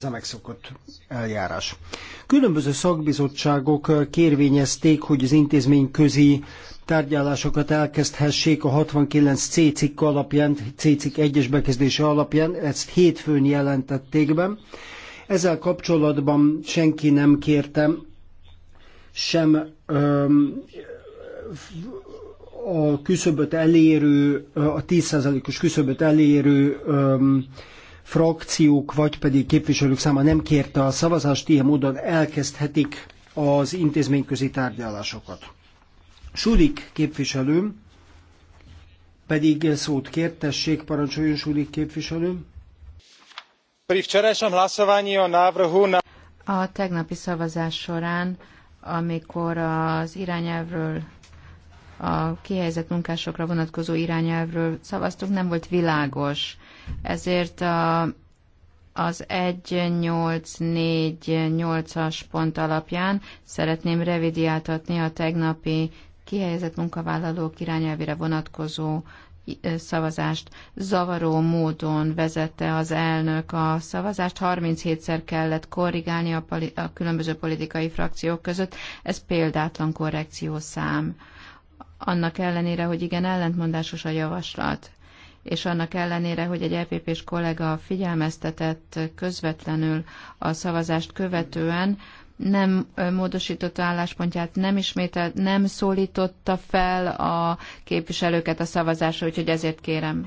ez a megszokott eljárás. Különböző szakbizottságok kérvényezték, hogy az intézmény közi tárgyalásokat elkezdhessék a 69C cikk alapján, C cikk egyes bekezdése alapján, ezt hétfőn jelentették be. Ezzel kapcsolatban senki nem kérte sem öm, a küszöböt elérő, a 10%-os küszöböt elérő öm, frakciók vagy pedig képviselők száma nem kérte a szavazást, ilyen módon elkezdhetik az intézményközi tárgyalásokat. Sulik képviselőm pedig szót kért, tessék, parancsoljon Sulik képviselőm. A tegnapi szavazás során, amikor az irányelvről a kihelyezett munkásokra vonatkozó irányelvről szavaztunk, nem volt világos. Ezért a, az 1.8.4.8-as pont alapján szeretném revidiáltatni a tegnapi kihelyezett munkavállalók irányelvére vonatkozó szavazást. Zavaró módon vezette az elnök a szavazást, 37-szer kellett korrigálni a, a különböző politikai frakciók között, ez példátlan korrekciószám annak ellenére, hogy igen, ellentmondásos a javaslat, és annak ellenére, hogy egy LPP-s e kollega figyelmeztetett közvetlenül a szavazást követően, nem módosította álláspontját, nem ismételt, nem szólította fel a képviselőket a szavazásra, úgyhogy ezért kérem.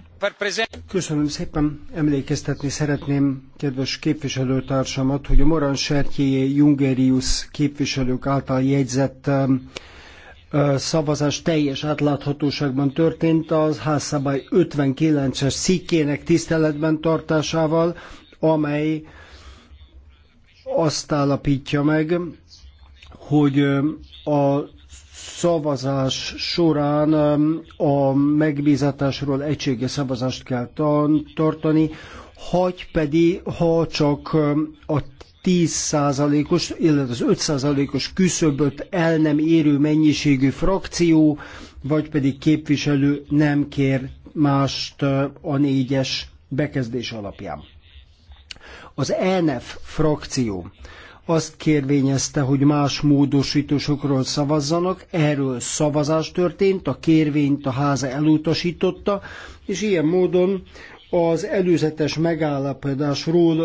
Köszönöm szépen. Emlékeztetni szeretném kedves képviselőtársamat, hogy a Moran Sertjé Jungerius képviselők által jegyzett szavazás teljes átláthatóságban történt az házszabály 59-es szikkének tiszteletben tartásával, amely azt állapítja meg, hogy a szavazás során a megbízatásról egységes szavazást kell tartani, hagy pedig, ha csak a 10%-os, illetve az 5%-os küszöböt el nem érő mennyiségű frakció, vagy pedig képviselő nem kér mást a négyes bekezdés alapján. Az ENF frakció azt kérvényezte, hogy más módosításokról szavazzanak, erről szavazás történt, a kérvényt a háza elutasította, és ilyen módon az előzetes megállapodásról